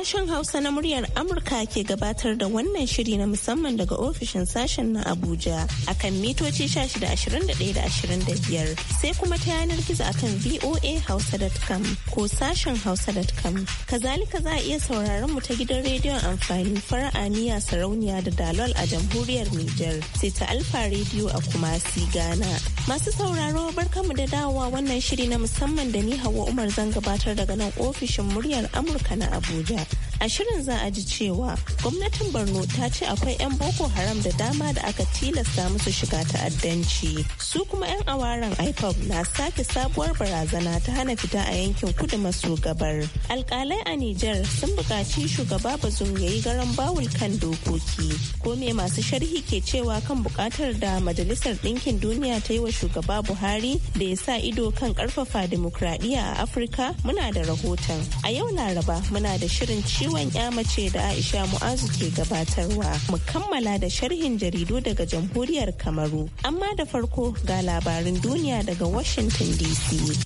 Sashen Hausa na muryar Amurka ke gabatar da wannan shiri na musamman daga ofishin sashen na Abuja akan mitoci biyar sai kuma ta yanar gizo akan hausa.com ko sashen hausa.com. Kazalika za a iya sauraron mu ta gidan rediyon amfani fara fara'aniya sarauniya da dalol a jamhuriyar niger sai ta Alfa rediyo a Kumasi Ghana. Masu sauraro barkamu da dawowa wannan shiri na musamman da ni hawa Umar zan gabatar daga nan ofishin muryar Amurka na Abuja. A shirin za a ji cewa gwamnatin Borno ta ce akwai 'yan Boko Haram da dama da aka tilasta musu shiga ta'addanci. Su kuma 'yan awaran IPOB na sake sabuwar barazana ta hana fita a yankin kudu maso gabar. Alkalai a Nijar sun buƙaci shugaba Bazum ya yi garan bawul kan dokoki. Ko me masu sharhi ke cewa kan buƙatar da Majalisar Ɗinkin Duniya ta yi wa shugaba Buhari da ya sa ido kan ƙarfafa dimokuraɗiyya a Afirka muna da rahoton. A yau Laraba muna da shirin Ciwon ciwon mace da Aisha Mu'azu ke gabatarwa. Mu kammala da sharhin jaridu daga jamhuriyar Kamaru. Amma da farko ga labarin duniya daga Washington DC.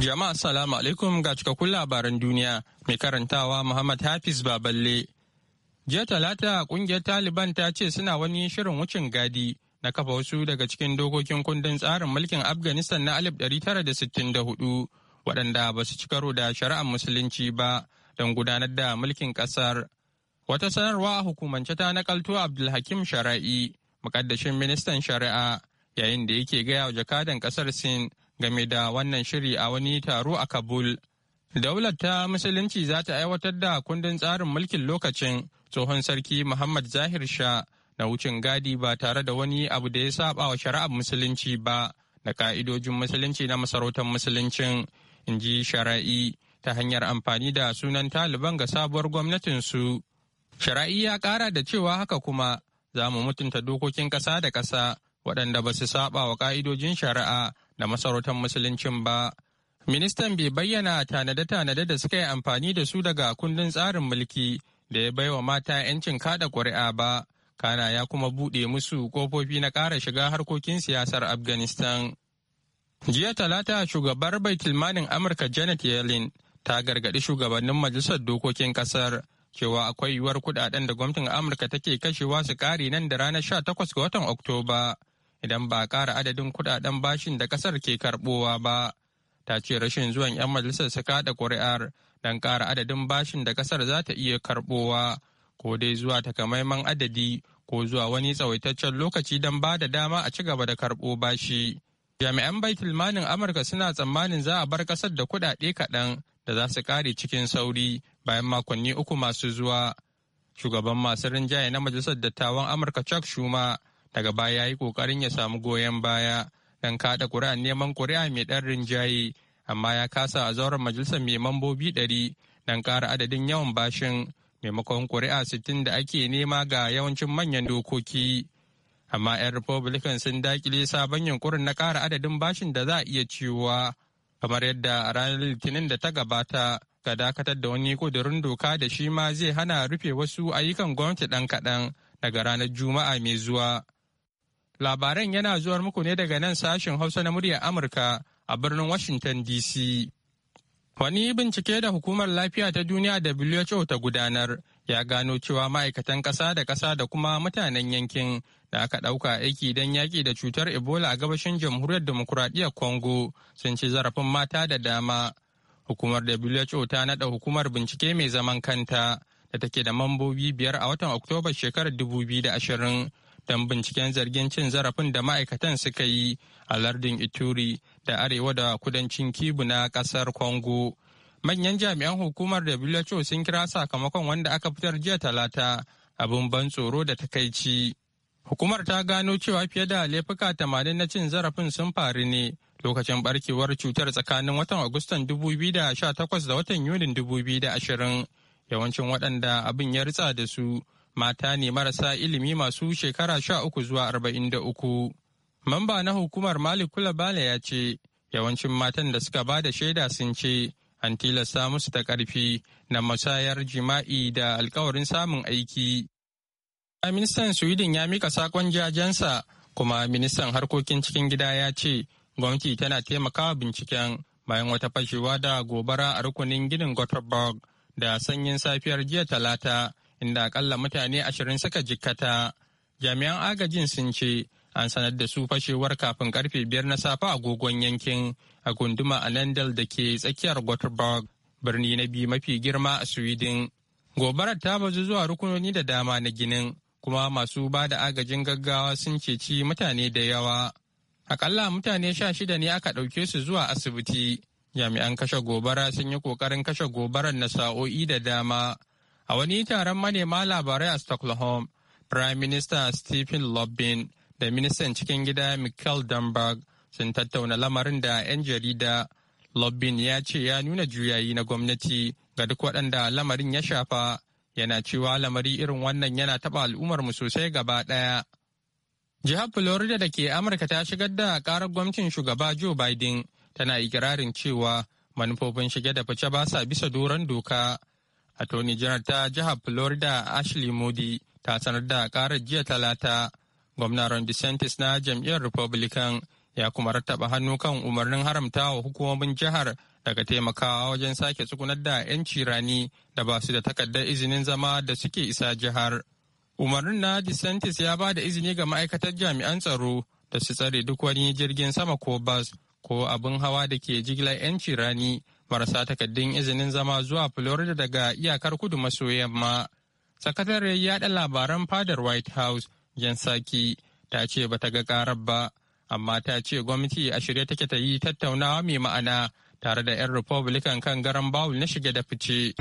Jama'a salamu alaikum ga cikakkun labaran duniya mai karantawa Muhammad Hafiz Baballe. Jiya talata kungiyar Taliban ta ce suna wani shirin wucin gadi na kafa wasu daga cikin dokokin kundin tsarin mulkin afghanistan na 1964 waɗanda ba su ci karo da shari'ar musulunci ba don gudanar da mulkin ƙasar wata sanarwa a hukumance ta nakalto abdulhakim shara'i mukaddashin ministan shari'a yayin da yake gaya wa jakadan ƙasar sin game da wannan shiri a wani taro a kabul daular ta musulunci za ta aiwatar da kundin tsarin mulkin lokacin tsohon sarki muhammad zahir shah. na wucin gadi ba tare da wani abu da ya saba wa shari'ar musulunci ba da ka'idojin musulunci na masarautar musuluncin in ji shara'i ta hanyar amfani da sunan taliban ga sabuwar gwamnatinsu shara'i ya kara da cewa haka kuma za mu mutunta dokokin ƙasa da ƙasa waɗanda ba su saba wa ka'idojin shari'a da masarautar musulunci ba ministan bai bayyana tanade-tanade da suka yi amfani da su daga kundin tsarin mulki da ya baiwa mata 'yancin kada ƙuri'a ba kana ya kuma buɗe musu kofofi na ƙara shiga harkokin siyasar afghanistan jiya talata shugabar bai baitulmanin amurka janet yellen ta gargaɗi shugabannin majalisar dokokin ƙasar cewa akwai yiwuwar kudaden da gwamnatin amurka take kashewa su kare nan da ranar 18 ga watan oktoba idan ba a kara adadin kudaden bashin da kasar ke karbowa ba ta ce rashin zuwan 'yan majalisar su kada kuri'ar don kara adadin bashin da kasar za ta iya karbowa ko dai zuwa takamaiman adadi ko zuwa wani tsawaitaccen lokaci don ba da dama a ci gaba da karɓo bashi. Jami'an baitulmanin Amurka suna tsammanin za a bar ƙasar da kuɗaɗe kaɗan da za su ƙare cikin sauri bayan makonni uku masu zuwa. Shugaban masu rinjaye na Majalisar Dattawan Amurka Chuck Schumer daga baya ya yi ƙoƙarin ya samu goyon baya don kaɗa ƙuri'ar neman ƙuri'a mai ɗan rinjaye amma ya kasa a zauren majalisar mai mambobi ɗari don ƙara adadin yawan bashin maimakon ƙuri'a sittin da ake nema ga yawancin manyan dokoki. Amma 'yan Republican sun dakile sabon yunkurin na ƙara adadin bashin da za a iya ciwa, kamar yadda a ranar Litinin da ta gabata ga dakatar da wani ƙudurin doka da shi ma zai hana rufe wasu ayyukan gwamnati ɗan kaɗan daga ranar Juma'a mai zuwa. Labaran yana zuwar muku ne daga nan sashen Hausa na muryar Amurka a birnin Washington DC. Wani bincike da Hukumar Lafiya ta Duniya WHO ta gudanar ya gano cewa ma'aikatan ƙasa da ƙasa da kuma mutanen yankin da aka ɗauka aiki don yaƙi da cutar Ebola a gabashin jamhuriyar demokuraɗiyyar Congo sun ci zarafin mata da dama. Hukumar WHO ta naɗa hukumar bincike mai zaman kanta da take da mambobi biyar a watan Oktoba shekarar 2020 don binciken zargin cin zarafin da ma'aikatan suka yi a lardin Ituri da arewa da kudancin kibu na kasar congo manyan jami'an hukumar who sun kira sakamakon wanda aka fitar jiya talata abin ban tsoro da takaici hukumar ta gano cewa fiye da laifuka tamanin na cin zarafin sun faru ne lokacin barkewar cutar tsakanin watan agustan 2018 da watan yunin 2020 yawancin waɗanda abin ya ritsa da su mata ne marasa ilimi masu shekara 13 zuwa 43 Mamba na hukumar Malik Kulabale ya ce, yawancin matan da suka ba da shaida sun ce an tilasta musu ta ƙarfi na musayar jima'i da alkawarin samun aiki. Ministan Sweden ya mika sakon jajensa kuma ministan harkokin cikin gida ya ce gwamnati tana taimakawa binciken bayan wata fashewa da gobara a rukunin ginin Gothenburg da sanyin safiyar jiya talata inda akalla mutane ashirin suka jikkata. Jami'an agajin sun ce an sanar da su fashewar kafin karfe biyar na safe agogon yankin a gunduma a landal da ke tsakiyar gothenburg birni na biyu mafi girma a sweden gobarar ta bazu zuwa rukunoni da dama na ginin kuma masu ba da agajin gaggawa sun ceci mutane da yawa akalla mutane sha shida ne aka ɗauke su zuwa asibiti jami'an kashe gobara sun yi kokarin kashe gobarar na sa'o'i da dama a wani taron manema labarai a stockholm prime minister stephen lobbin da ministan cikin gida michael Dunberg sun tattauna lamarin da 'yan jarida lobbin ya ce ya nuna juyayi na gwamnati ga duk waɗanda lamarin ya shafa yana cewa lamari irin wannan yana taɓa mu sosai gaba ɗaya. Jihar Florida da ke Amurka ta shigar da ƙarar gwamnatin shugaba Joe Biden tana ikirarin cewa manufofin shige da fice ba sa bisa doron doka. Attorney General ta jihar Florida Ashley Moody ta sanar da ƙarar jiya talata gwamna ron DeSantis na jam'iyyar republican ya kuma rattaba hannu kan umarnin haramta wa hukumomin jihar daga taimakawa wajen sake tsugunar da yan cirani da ba su da takardar izinin zama da suke isa jihar. Umarnin na DeSantis ya ba da izini ga ma'aikatar jami'an tsaro da su tsare duk wani jirgin sama ko bas ko abin hawa da ke jigilar yan cirani marasa takardun izinin zama zuwa Florida daga iyakar kudu maso yamma. Sakatare yaɗa labaran fadar White House saki ta ce ba ta ga karar ba, amma ta ce gwamnati a shirye take ta yi tattaunawa mai ma'ana tare da 'yan Republican kan garan bawul na shige da fice.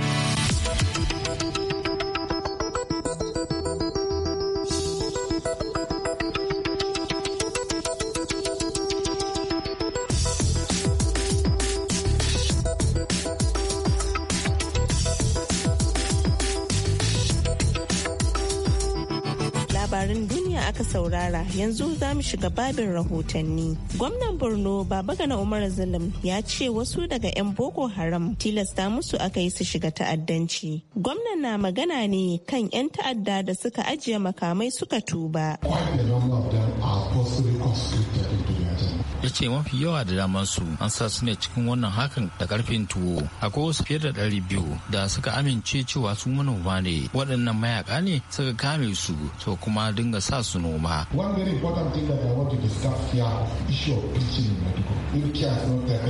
aka saurara yanzu za mu shiga babin rahotanni. Gwamnan Borno Baba na Umar Zalim ya ce wasu daga 'yan Boko Haram tilasta musu aka yi su shiga ta'addanci. Gwamnan na magana ne kan 'yan ta'adda da suka ajiye makamai suka tuba. Quite a number of them are ya ce mafi yawa da daman su an sa su ne cikin wannan hakan da karfin tuwo akwai wasu fiye da ɗari biyu da suka amince cewa su manoma ne waɗannan mayaka ne suka kame su to kuma dinga sa su noma. One very important thing that I want to discuss issue of preaching in If care is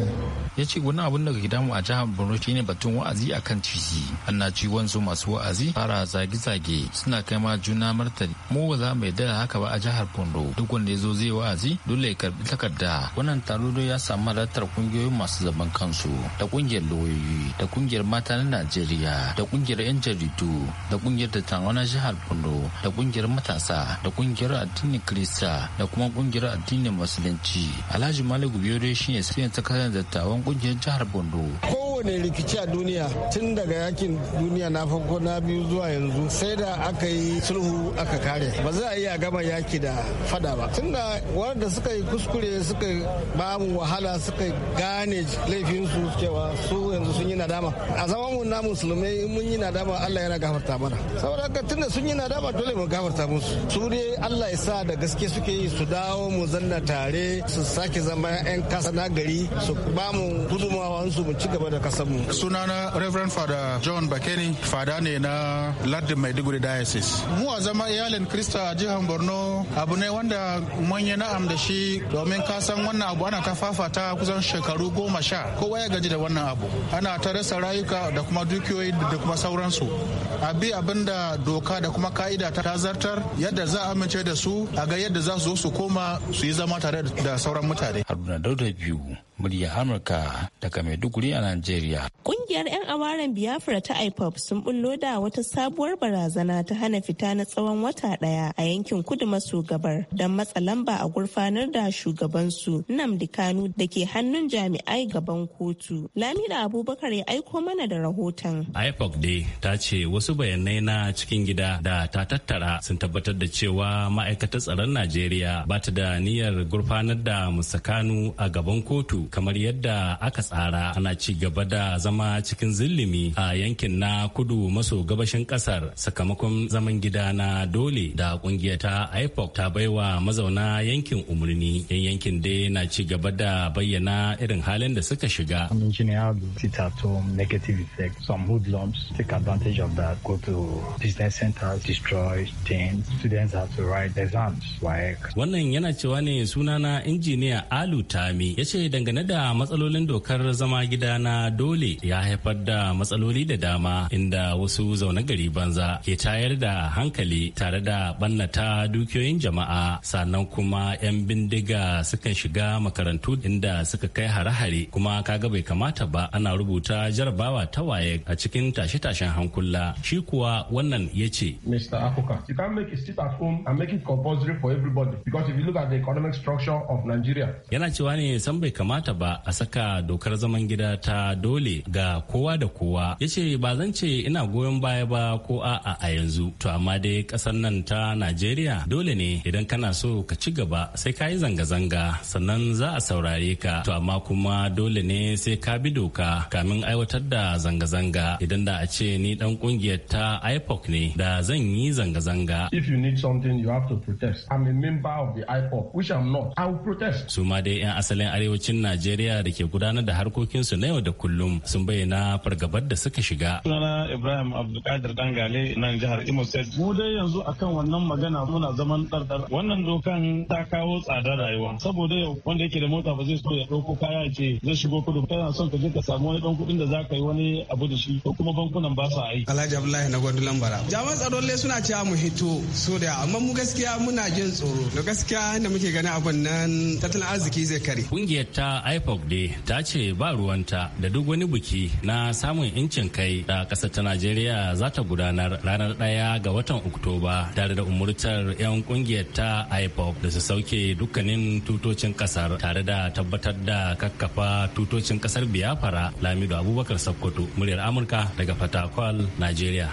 not ya ce wani abin da ke damu a jihar borno shine batun wa'azi a kan titi ana ci wanzu masu wa'azi fara zage-zage suna kai ma juna martani mu ba za mu yarda haka ba a jihar borno duk wanda ya zo zai wa'azi dole ya karbi takarda wannan taro ya samu halartar kungiyoyin masu zaman kansu da kungiyar lauyoyi da kungiyar mata na najeriya da kungiyar yan jaridu da kungiyar dattawa na jihar borno da kungiyar matasa da kungiyar addinin kirista da kuma kungiyar addinin musulunci alhaji malik biyo dai shine sai ta kasance dattawan kungiyar jihar Bondo. Kowane rikici a duniya tun daga yakin duniya na farko na biyu zuwa yanzu sai da aka yi sulhu aka kare. Ba za a iya gama yaki da fada ba. Tun da wanda suka yi kuskure suka ba mu wahala suka gane laifinsu cewa su yanzu sun yi nadama. A zaman mu na musulmai mun yi nadama Allah yana gafarta mana. Saboda haka tun da sun yi nadama dole mu gafarta musu. Su ne Allah ya sa da gaske suke yi su dawo mu zanna tare su sake zama 'yan kasa na gari su ba mu gudunmawansu mu ci gaba da kasanmu. Sunana Reverend Father John Bakeni, fada ne na Lardin Maiduguri Diocese. Mu a zama iyalin Krista a jihar Borno abu ne wanda manya na na'am da shi domin kasan wannan abu ana ta fafata kusan shekaru goma sha kowa ya gaji da wannan abu. Ana ta rasa rayuka da kuma dukiyoyi da kuma sauransu. Abi abin da doka da kuma ka'ida ta zartar yadda za a amince da su a ga yadda za su zo su koma su yi zama tare da sauran mutane. Haruna Dauda biyu murya Amurka daga Maiduguri a Najeriya. Kungiyar 'yan awaren Biafra ta IPOP sun bullo da wata sabuwar barazana ta hana fita na tsawon wata ɗaya a yankin kudu maso gabar don matsa lamba a gurfanar da shugabansu Nnamdi Kanu da ke hannun jami'ai gaban kotu. Lami da Abubakar ya aiko mana da rahoton. IPOP dai ta ce wasu bayanai na cikin gida da ta tattara sun tabbatar da cewa ma'aikatar tsaron Najeriya ba ta da niyyar gurfanar da Musa Kanu a gaban kotu kamar yadda aka tsara ana ci gaba da zama cikin zillimi a yankin na kudu maso gabashin kasar sakamakon zaman gida na dole da kungiyar ta ipoc ta baiwa mazauna yankin umarni yan yankin dai na ci gaba da bayyana irin halin da suka shiga Some take advantage of that, go to business centers, destroy Students to write Wannan yana cewa ne sunana injiniya Alu Tami ya ce dangane dangane da matsalolin dokar zama gida na dole ya haifar da matsaloli da dama inda wasu zaune gari banza ke tayar da hankali tare da bannata dukiyoyin jama'a sannan kuma 'yan bindiga sukan shiga makarantu inda suka kai hare-hare kuma kaga bai kamata ba ana rubuta jarabawa ta waye a cikin tashe-tashen hankula shi kuwa wannan ya ce Mr. Afuka, you make sit at home Yana cewa ne san bai kamata kamata ba a saka dokar zaman gida ta dole ga kowa da kowa ya ce ba zan ce ina goyon baya ba ko a'a a yanzu to amma dai kasar nan ta najeriya dole ne idan kana so ka ci gaba sai ka yi zanga-zanga sannan za a saurare ka to amma kuma dole ne sai ka bi doka kamin aiwatar da zanga-zanga idan da a ce ni dan kungiyar ta ipoc ne da zan yi zanga-zanga if you need something you have to protest i'm a member of the ipoc which i'm not i will protest su dai yan asalin arewacin najeriya Najeriya da ke gudanar da harkokinsu na yau da kullum sun bayyana fargabar da suka shiga. Sunana Ibrahim Abdulkadir Dangale nan jihar Imo State. Mu dai yanzu akan wannan magana muna zaman ɗarɗar. Wannan dokan ta kawo tsadar rayuwa saboda yau wanda yake da mota ba zai so ya ɗauko kaya ce zai shigo kudu kana son ka je ka samu wani ɗan kuɗin da za ka yi wani abu da shi ko kuma bankunan ba sa aiki. Alhaji Abdullahi na Gwandu Lambara. Jami'an tsaro lai suna cewa mu hito so da amma mu gaskiya muna jin tsoro da gaskiya inda muke gani abun nan tattalin arziki zai kare. Kungiyar ta ipoc dai ta ce ba ruwanta da duk wani biki na samun incin kai da ƙasar ta najeriya za ta gudanar ranar ɗaya ga watan oktoba tare da umurtar 'yan kungiyar ta ipoc da su sauke dukkanin tutocin ƙasar tare da tabbatar da kakkafa tutocin ƙasar biyafara lamido abubakar Sokoto muryar amurka daga fatakwal najeriya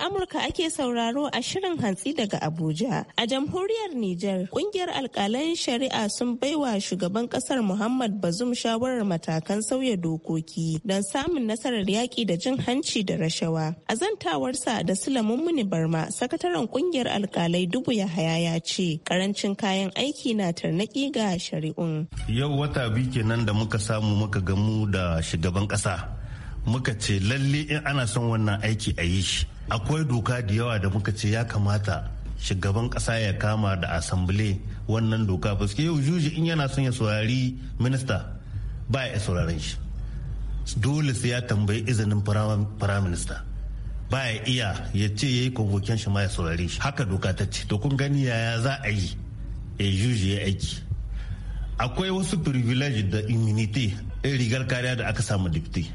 Amurka ake sauraro a shirin hantsi daga Abuja. A jamhuriyar Nijar, kungiyar alkalan shari'a sun baiwa shugaban kasar Muhammad Bazum shawarar matakan sauya dokoki don samun nasarar yaƙi da jin hanci da rashawa. A zantawarsa da Sulaiman Muni Barma, sakataren kungiyar alkalai Dubu Yahaya ya ce, karancin kayan aiki na tarnaƙi ga shari'un. Yau wata biyu kenan da muka samu muka gamu da shugaban ƙasa. Muka ce lalle in ana son wannan aiki a yi shi. akwai doka da yawa da muka ce ya kamata shugaban kasa ya kama da asambile wannan doka fuske yau juji in yana son ya saurari minista ba ya sauraron shi dole sai ya tambayi izinin firaminista ba ya iya ya ce ya yi convocation shi ma ya saurari shi haka doka ta ce to kun gani yaya za a yi ya juji ya aiki akwai wasu privilege da immunity in rigar kariya da aka samu dipti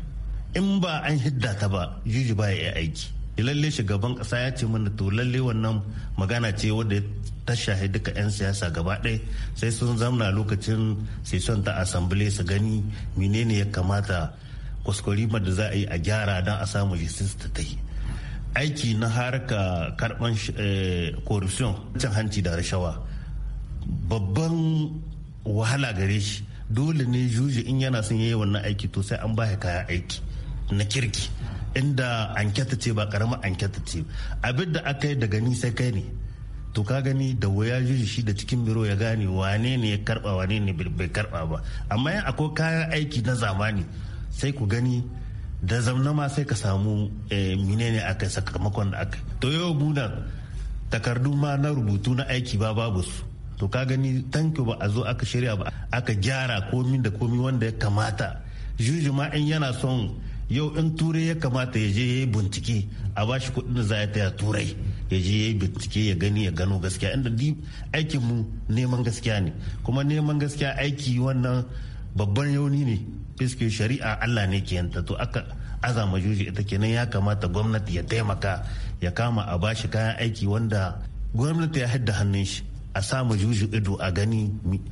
in ba an hidda ta ba juji ba ya aiki lalle shugaban kasa ya ce mana to lalle wannan magana ce wadda ta shahi duka 'yan siyasa gaba ɗaya sai sun zamna lokacin session ta asambile su gani menene ya kamata kwaskwarima da za a yi a gyara don a samu lisis ta ta yi aiki na harka karban eh, corruption cin hanci da rashawa babban wahala gare shi dole ne juji in yana son yayi wannan aiki to sai an ba kaya aiki na kirki inda anketa ce ba karamar anketa ce abin da aka yi daga ni sai kai ne to ka gani da waya juji shi da cikin biro ya gane wane ne ya karba wane ne bai karba ba amma yan akwai kayan aiki na zamani sai ku gani da zamna ma sai ka samu eh, mine ne aka sakamakon da aka to yau bunan takardu ma na rubutu na aiki ba babu su to ka gani tanki ba a zo aka shirya ba aka gyara komi da komi wanda ya kamata juji ma in yana son yau in turai ya kamata ya je ya yi bincike a ba shi kudin za ya taya turai ya je ya yi bincike ya gani ya gano gaskiya inda di aikin mu neman gaskiya ne kuma neman gaskiya aiki wannan babban yauni ne fiske shari'a Allah ne ke yanta to aka azama juji ita kenan ya kamata gwamnati ya taimaka ya kama a ba shi kayan aiki wanda gwamnati ya hadda hannun shi a sa ma ido a gani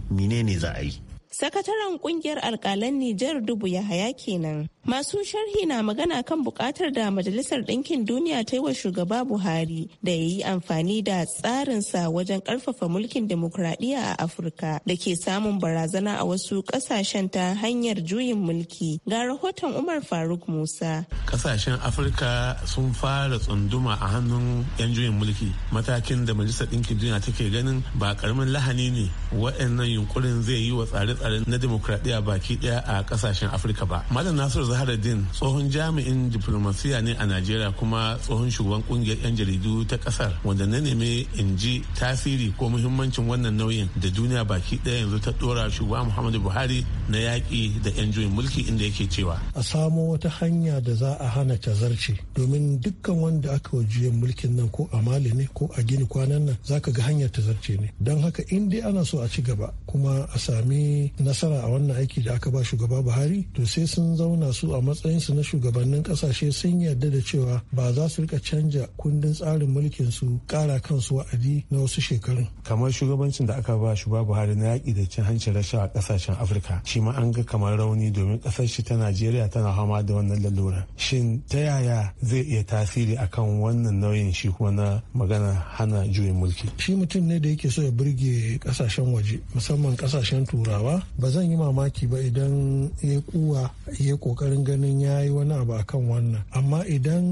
menene za a yi Sakataren kungiyar alkalan Nijar Dubu ya haya kenan. Masu sharhi na magana kan bukatar da Majalisar Ɗinkin Duniya ta yi wa shugaba Buhari da ya yi amfani da tsarinsa wajen ƙarfafa mulkin demokuraɗiyya a Afirka da ke samun barazana a wasu ƙasashen ta hanyar juyin mulki. Ga rahoton Umar Faruk Musa. Ƙasashen Afirka sun fara tsunduma a hannun 'yan juyin mulki. Matakin da Majalisar Ɗinkin Duniya take ganin ba ƙaramin lahani ne waɗannan yunkurin zai yi wa tsare tsarin na demokradiyya baki daya a kasashen afirka ba malam nasiru zaharuddin tsohon jami'in diplomasiya ne a najeriya kuma tsohon shugaban kungiyar yan jaridu ta kasar wanda na neme in ji tasiri ko muhimmancin wannan nauyin da duniya baki daya yanzu ta dora shugaba muhammadu buhari na yaƙi da yan juyin mulki inda yake cewa a samo wata hanya da za a hana tazarci domin dukkan wanda aka wa juyin mulkin nan ko a mali ne ko a gini kwanan nan zaka ga hanyar tazarce ne don haka in dai ana so a ci gaba kuma a sami nasara a wannan aiki da aka ba shugaba buhari to sai sun zauna su a matsayin su na shugabannin kasashe sun yarda da cewa ba za su rika canja kundin tsarin mulkin su kara kansu wa'adi na wasu shekarun kamar shugabancin da aka ba shugaba buhari na yaƙi da cin hanci rashawa a kasashen afirka shi ma an ga kamar rauni domin kasar shi ta najeriya tana hama da wannan lalura shin ta yaya zai iya tasiri akan wannan nauyin shi kuma na magana hana juyin mulki shi mutum ne da yake so ya burge kasashen waje musamman kasashen turawa ba zan yi mamaki ba idan ya kuwa ya kokarin ganin ya yi wani abu akan wannan amma idan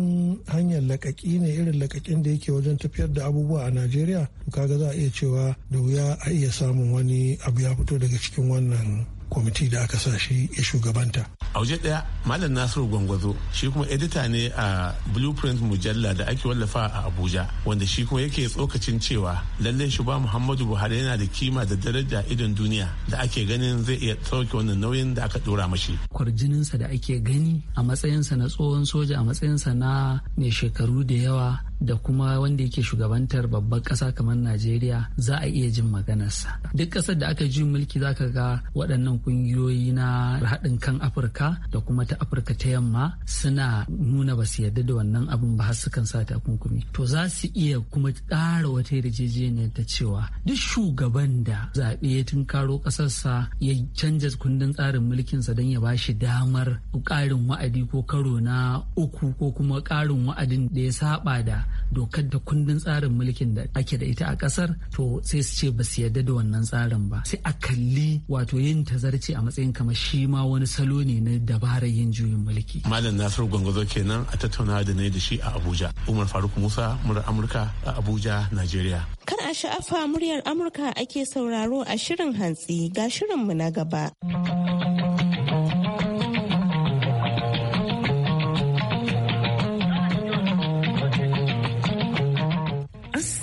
hanyar lakaki ne irin lakakin da yake wajen tafiyar da abubuwa a najeriya kaga za a iya cewa da wuya a iya samun wani abu ya fito daga cikin wannan kwamiti da aka sa shi ya shugabanta. A waje ɗaya Malam Nasiru Gwangwazo shi kuma edita ne a Blueprint Mujalla da ake wallafa a Abuja wanda shi kuma yake tsokacin cewa lallai shi ba Muhammadu Buhari yana da kima da daraja idon duniya da ake ganin zai iya sauke wannan nauyin da aka dora mashi. Kwarjininsa da ake gani a matsayinsa na tsohon soja a matsayinsa na mai shekaru da yawa da kuma wanda yake shugabantar babbar ƙasa kamar najeriya za a iya jin maganarsa duk ƙasar da aka ji mulki za ka ga waɗannan ƙungiyoyi na haɗin kan afirka da kuma ta afirka ta yamma suna nuna ba su yarda da wannan abin ba har sukan sa takunkumi to za su iya kuma ƙara wata yarjejeniyar ta cewa duk shugaban da zaɓe ya tunkaro ƙasarsa ya canza kundin tsarin mulkinsa don ya ba shi damar ƙarin wa'adi ko karo na uku ko kuma ƙarin wa'adin da ya saba da dokar da kundin tsarin mulkin da ake da ita a kasar to sai su ce ba su yarda da wannan tsarin ba sai a kalli wato yin tazarci a matsayin kamar shi ma wani salo ne na dabarar yin juyin mulki malam nasiru gwangwazo kenan a tattauna da ne da shi a abuja umar faruk musa murar amurka a abuja nigeria kan a sha'afa muryar amurka ake sauraro a shirin hantsi ga shirinmu na gaba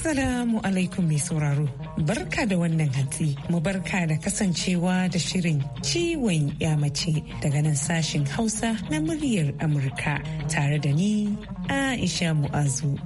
Assalamu alaikum mai sauraro. Barka da wannan hatsi, mu barka da kasancewa da shirin ciwon yamace daga nan sashin Hausa na muryar Amurka tare da ni Aisha Mu'azu.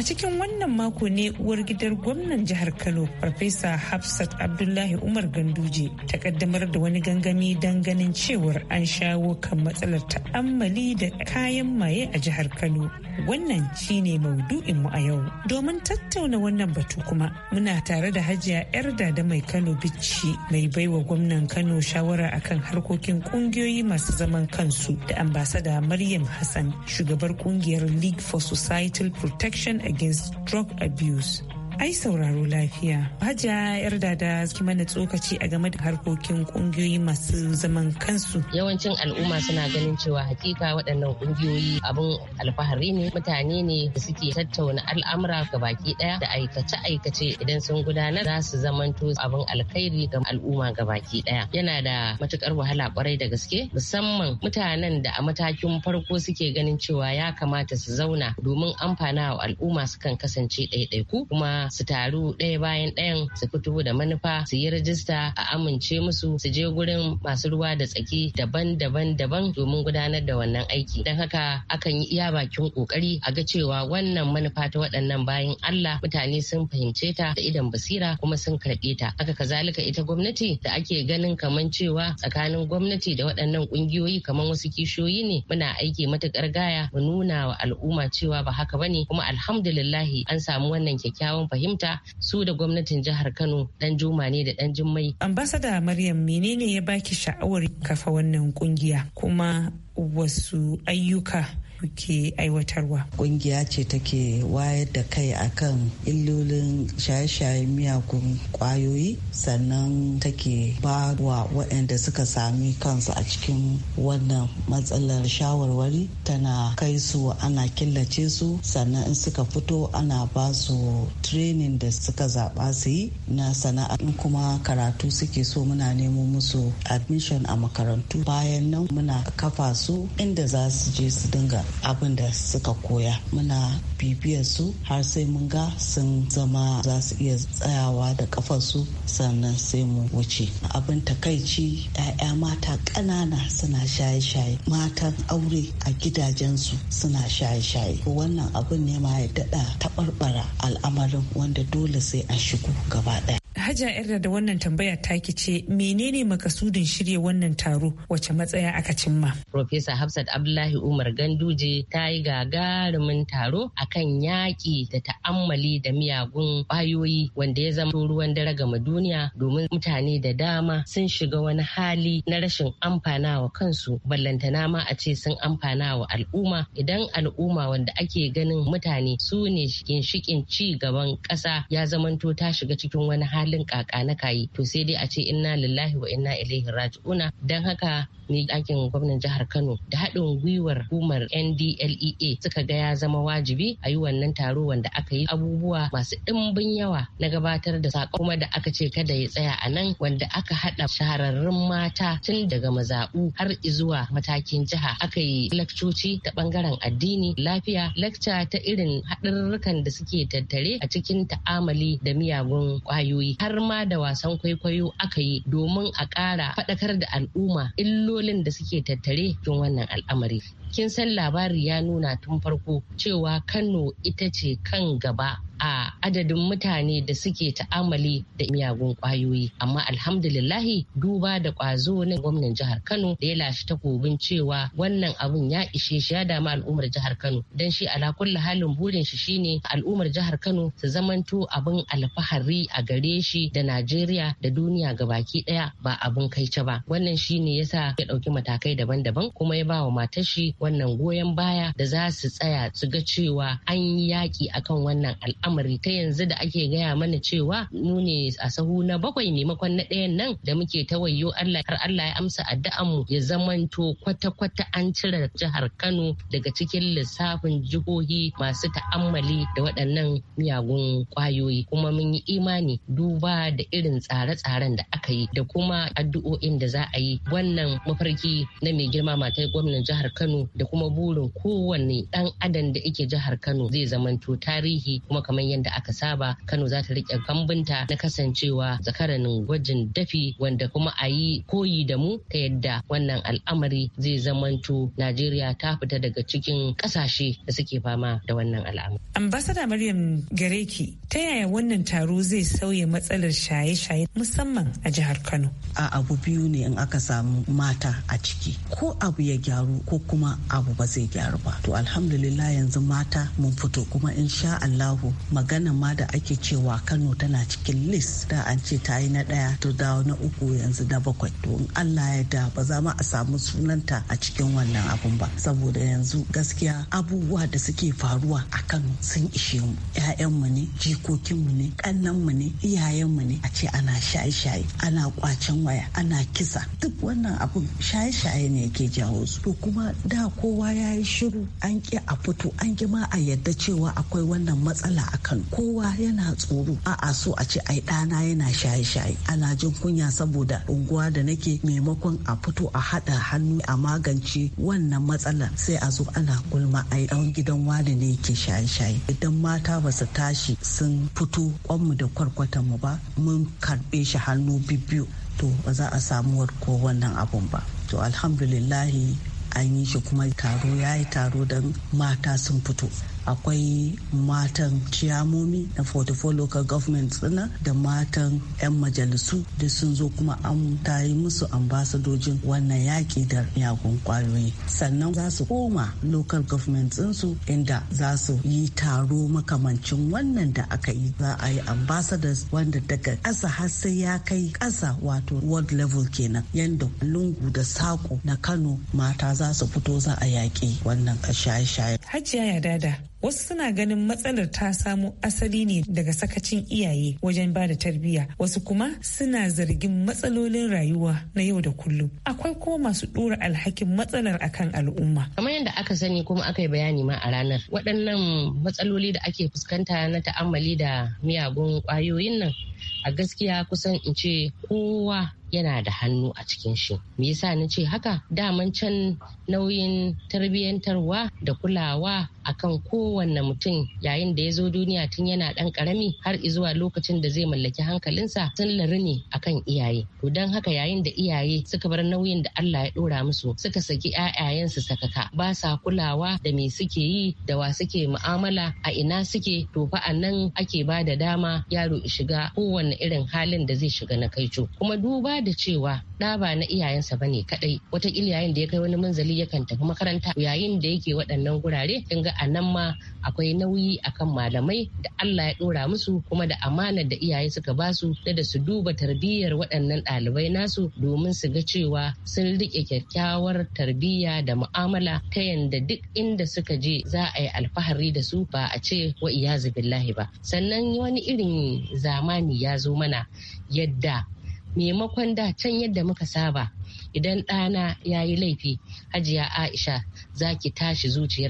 A cikin wannan mako ne uwar gidar gwamnan jihar Kano, Farfesa Hafsat Abdullahi Umar Ganduje ta kaddamar da wani gangami don ganin cewar an shawo kan matsalar ta'ammali da kayan maye a jihar Kano. Wannan shine mu a yau. Domin tattauna wannan batu kuma muna tare da Hajiya yar da mai Kano Bicci mai baiwa gwamnan Kano shawara akan harkokin kungiyoyi masu zaman kansu da ambasada Maryam Hassan shugabar kungiyar League for Societal Protection against drug abuse ai sauraro lafiya. Hajiya yar dada ki mana tsokaci a game da harkokin kungiyoyi masu zaman kansu. Yawancin al'umma suna ganin cewa hakika waɗannan kungiyoyi abin alfahari ne mutane ne da suke tattauna al'amura ga baki ɗaya da aikace-aikace idan sun gudanar za su zamanto abin alkhairi ga al'umma ga baki ɗaya. Yana da matukar wahala kwarai da gaske musamman mutanen da a matakin farko suke ganin cewa ya kamata su zauna domin amfana wa al'umma sukan kasance ɗaiɗaiku kuma su taru ɗaya bayan ɗayan su fito da manufa su yi rajista a amince musu su je gurin masu ruwa da tsaki daban-daban daban domin gudanar da wannan aiki don haka akan yi iya bakin kokari a ga cewa wannan manufa ta waɗannan bayan Allah mutane sun fahimce ta da idan basira kuma sun karɓe ta haka kazalika ita gwamnati da ake ganin kaman cewa tsakanin gwamnati da waɗannan ƙungiyoyi kaman wasu kishiyoyi ne muna aiki matuƙar gaya mu nuna wa al'umma cewa ba haka bane kuma alhamdulillahi an samu wannan kyakkyawan fahimta su da gwamnatin jihar Kano dan Juma ne da dan Jummai. Ambasada Maryam menene ya baki sha'awar kafa wannan kungiya kuma wasu ayyuka kuke aiwatarwa Ƙungiya ce take wayar da kai a kan illolin shaye-shayen miyagun kwayoyi sannan take ba wa waɗanda suka sami kansu a cikin wannan matsalar shawarwari tana kai su ana killace su sannan in suka fito ana ba su training da suka zaɓa su yi na sana'a in kuma karatu suke so muna nemo musu admission a makarantu bayan nan muna kafa su inda za su je su dinga abin da suka koya muna bibiyar su har sai mun ga sun zama za su iya tsayawa da kafarsu sannan sai mu wuce abin takaici 'ya'ya mata ƙanana suna shaye-shaye matan aure a gidajensu suna shaye-shaye wannan abin ne ma ya daɗa taɓarɓara al'amarin wanda dole sai an shigo gaba ɗaya Hajiya yarda da wannan tambaya taki ce menene makasudin shirya wannan taro wace matsaya aka cimma. Profesa Hafsat Abdullahi Umar Ganduje ta yi gagarumin taro a kan yaƙi da ta'ammali da miyagun ƙwayoyi wanda ya zama ruwan dare gama duniya domin mutane da dama sun shiga wani hali na rashin amfana wa kansu ballantana ma a ce sun amfana wa al'umma idan al'umma wanda ake ganin mutane su ne ginshiƙin ci gaban ƙasa ya zamanto ta shiga cikin wani hali halin kaka na kayi to sai dai a ce inna lillahi wa inna ilaihi raji'una dan haka ni ɗakin gwamnan jihar Kano da haɗin gwiwar hukumar NDLEA suka ga ya zama wajibi a yi wannan taro wanda aka yi abubuwa masu ɗimbin yawa na gabatar da saƙo kuma da aka ce kada ya tsaya a nan wanda aka haɗa shahararrun mata tun daga mazaɓu har zuwa matakin jiha aka yi lakcoci ta ɓangaren addini lafiya lakca ta irin haɗarurrukan da suke tattare a cikin ta'amali da miyagun ƙwayoyi har ma da wasan kwaikwayo aka yi domin a ƙara faɗakar da al'umma illolin da suke tattare cikin wannan al'amari kin san labari ya nuna tun farko cewa kano ita ce kan gaba a adadin mutane da suke ta'amali da miyagun kwayoyi amma alhamdulillahi duba da kwazo na gwamnan jihar kano da ya lashi takobin cewa wannan abun ya ishe shi ya dama al'ummar jihar kano dan shi ala kulli halin burin shi shine al'ummar jihar kano su zamanto abin alfahari a gare shi da najeriya da duniya ga baki daya ba abin kaice ba wannan shine yasa ya dauki matakai daban-daban kuma ya ba wa matar shi wannan goyon baya da za su tsaya su ga cewa an yi yaki akan wannan al'amari amurka yanzu da ake gaya mana cewa mu ne a sahu na bakwai maimakon na ɗayan nan da muke ta wayo allah har allah ya amsa addu'an mu ya zamanto kwata-kwata an cire jihar kano daga cikin lissafin jihohi masu ta'ammali da waɗannan miyagun kwayoyi kuma mun yi imani duba da irin tsare-tsaren da aka yi da kuma addu'o'in da za a yi wannan mafarki na mai girma matai gwamnan jihar kano da kuma burin kowanne ɗan adam da yake jihar kano zai zamanto tarihi kuma kamar kamar yadda aka saba Kano za ta riƙe kambinta na kasancewa zakaranin gwajin dafi wanda kuma a yi koyi da mu ta yadda wannan al'amari zai zamanto Najeriya ta fita daga cikin ƙasashe da suke fama da wannan al'amari. Ambasada Maryam Gareki ta yaya wannan taro zai sauya matsalar shaye-shaye musamman a jihar Kano? A abu biyu ne in aka samu mata a ciki ko abu ya gyaru ko kuma abu ba zai gyaru ba. To alhamdulillah yanzu mata mun fito kuma sha Allahu magana ma da ake cewa kano tana cikin list da an ce ta yi na daya to dawo na uku yanzu na bakwai to in allah ya da ba za ma a samu sunanta a cikin wannan abun ba saboda yanzu gaskiya abubuwa da suke faruwa a kano sun ishe mu mu ne jikokinmu ne kannanmu ne iyayenmu ne a ce ana shaye-shaye ana kwacen waya ana kisa duk wannan abun shaye-shaye ne yake jawo su to kuma da kowa ya yi shiru an ki a fito an ki ma a yadda cewa akwai wannan matsala akan kowa yana tsoro a'a so a ce ai ɗana yana shaye-shaye ana jin kunya saboda unguwa da nake maimakon a fito a haɗa hannu a magance wannan matsalar sai a zo ana gulma ai ɗan gidan wani ne yake shaye-shaye idan mata ba su tashi sun fito kwanmu da kwarkwatan mu ba mun karɓe shi hannu bibiyu to ba za a samu ko wannan abun ba to alhamdulillahi an yi shi kuma taro ya yi taro don mata sun fito akwai matan ciyamomi na 44 local government dina da matan 'yan majalisu da sun zo kuma an tayi musu ambasadojin wannan yaƙi da miyagun kwayoyi sannan za su koma local government su inda za su yi taro makamancin wannan da aka yi za a yi ambassadors wanda daga ƙasa har sai ya kai ƙasa wato world level kenan yadda lungu da saƙo na kano mata za su fito za a yaƙi wannan shaye-shaye. Hajiya ya dada wasu suna ganin matsalar ta samo asali ne daga sakacin iyaye wajen ba da tarbiyya wasu kuma suna zargin matsalolin rayuwa na yau da kullum akwai kuma masu dora alhakin matsalar akan al'umma kamar yadda aka sani kuma aka yi bayani ma a ranar waɗannan matsaloli da ake fuskanta na ta'ammali da miyagun ƙwayoyin nan a gaskiya kusan in ce kowa yana da hannu a cikin shi me yasa na ce haka daman can nauyin tarbiyyantarwa da kulawa akan kowanne mutum yayin da ya zo duniya tun yana dan karami har zuwa lokacin da zai mallaki hankalinsa sun lari ne akan iyaye to don haka yayin da iyaye suka bar nauyin da Allah ya dora musu suka saki ƴaƴayensu sakaka ba sa kulawa da me suke yi da wa suke mu'amala a ina suke to fa a nan ake ba da dama yaro shiga kowanne irin halin da zai shiga na kaico kuma duba da cewa ɗa ba na iyayensa ba ne kaɗai Wataƙila yayin da ya kai wani munzali yakan tafi makaranta yayin da yake waɗannan gurare kin ga anan ma akwai nauyi akan malamai da Allah ya ɗora musu kuma da amanar da iyaye suka basu da da su duba tarbiyyar waɗannan ɗalibai nasu domin su ga cewa sun rike kyakkyawar tarbiyya da mu'amala ta yanda duk inda suka je za a yi alfahari da su ba a ce wa iyazu billahi ba sannan wani irin zamani ya zo mana yadda maimakon da can yadda muka saba idan ɗana ya yi laifi hajiya aisha za ki tashi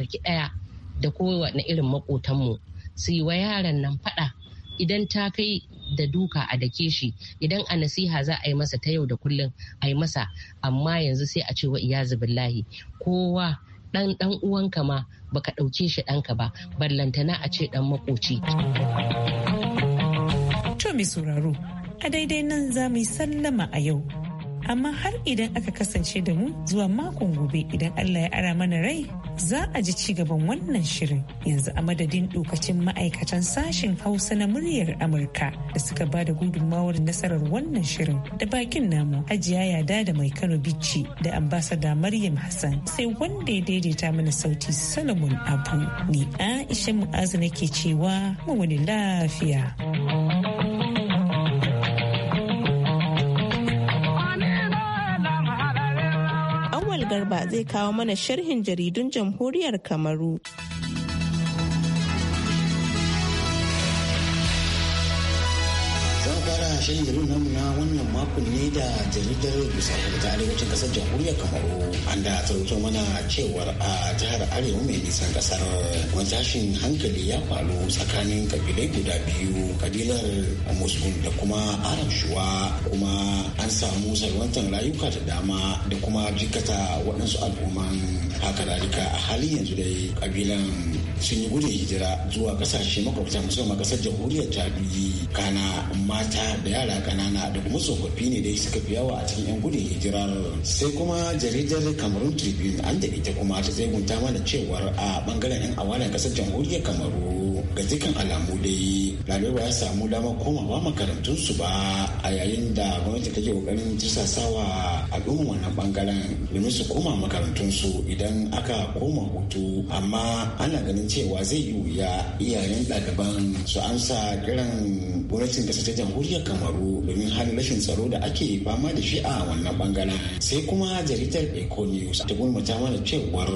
ki ɗaya da kowane irin makotanmu su yi wa yaran nan faɗa idan ta kai da duka a dake shi idan a nasiha za a yi masa ta yau da kullum a yi masa amma yanzu sai a ce wa iyazu billahi kowa ɗan ɗan uwanka ma baka ɗauke shi ɗanka ba ballantana a ce ɗan makoci. To mai sauraro a daidai nan za mu yi sallama a yau. Amma har idan aka kasance da mu zuwa makon gobe idan Allah ya ara mana rai za a ji ci gaban wannan shirin yanzu a madadin dokacin ma'aikatan sashen hausa na muryar Amurka da suka ba da gudunmawar nasarar wannan shirin da bakin namu ajiya yada da mai Kano Bicci da ambasada Maryam Hassan sai wanda ya daidaita mana sauti Solomon Abu ne Aisha Mu'azu nake cewa mu wani lafiya. Garba zai kawo mana sharhin jaridun jamhuriyar Kamaru. fara shirin da namu na wannan makon ne da jaridar misali ta arewacin kasar jamhuriyar kamaru an da tsarauto mana cewar a jihar arewa mai nisan kasar Wanzashin hankali ya faru tsakanin kabilai guda biyu kabilar muslim da kuma shuwa kuma an samu salwantar rayuka da dama da kuma jikata waɗansu al'umman haka dalika a halin yanzu dai kabilan sun yi gudun hijira zuwa kasashe makwabta musamman kasar jamhuriyar ta kana mata da yara kanana da kuma tsofaffi ne da suka fi yawa a cikin yan gudun hijirar sai kuma jaridar cameroon tribune an da ita kuma ta tsegunta mana cewar a bangaren yan awalen kasar jamhuriyar kamaru ga dukkan alamu dai ɗalibai ba ya samu damar komawa makarantunsu ba a yayin da gwamnati take kokarin a al'umma wannan bangaren domin su koma makarantunsu idan aka koma hutu amma ana ganin cewa zai yi wuya iyayen ɗaliban su amsa kiran gwamnatin ƙasa ta jamhuriyar kamaru domin halin rashin tsaro da ake fama da shi a wannan bangaren sai kuma jaridar eco news ta ta mana cewar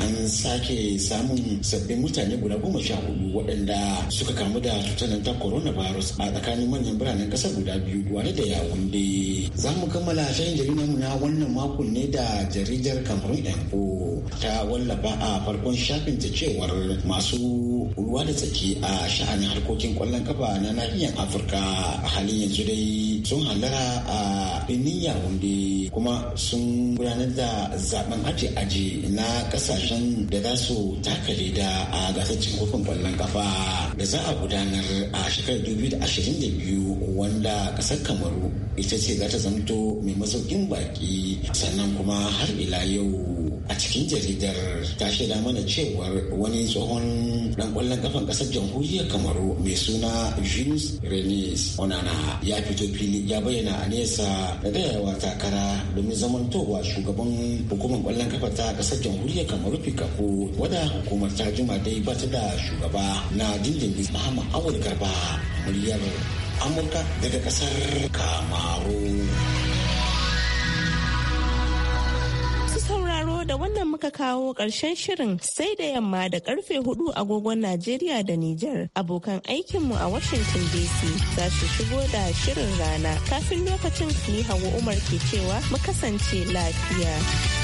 an sake samun sabbin mutane guda goma sha hudu waɗanda suka kamu da cutar ta coronavirus a tsakanin manyan biranen kasar guda biyu duwane da yawunde za mu kammala shayin jaridar na wannan makon ne da jaridar cameroon info ta wallafa a farkon shafin ta cewar masu ruwa da tsaki a sha'anin harkokin kwallon kafa na nahiyar afirka a halin yanzu dai sun hangara a birnin yawunde kuma sun gudanar da zaben aji-aji na kasashen da za su taka da a gasar cin kofin kwallon kafa da za a gudanar a shekarar 2022 wanda kasar kamaru ita ce za ta zamto mai masaukin baki sannan kuma har ila yau a cikin jaridar ta shaida mana cewar wani tsohon dan kwallon kafan kasar jamhuriyar kamaru mai suna jules renis onana ya fito fili ya bayyana a nesa da dayawa takara domin zamantowa shugaban hukumar kwallon kafa ta kasar jamhuriyar kamaru fikako wadda hukumar ta juma dai ba ta da shugaba na dindindin mahamman awul garba muryar amurka daga kasar kamaru. da wannan muka kawo ƙarshen shirin sai da yamma da karfe hudu agogon Najeriya da Nijar. Abokan aikinmu a Washington DC za su shigo da shirin rana. Kafin lokacin ni Hauwa Umar ke cewa mu kasance lafiya.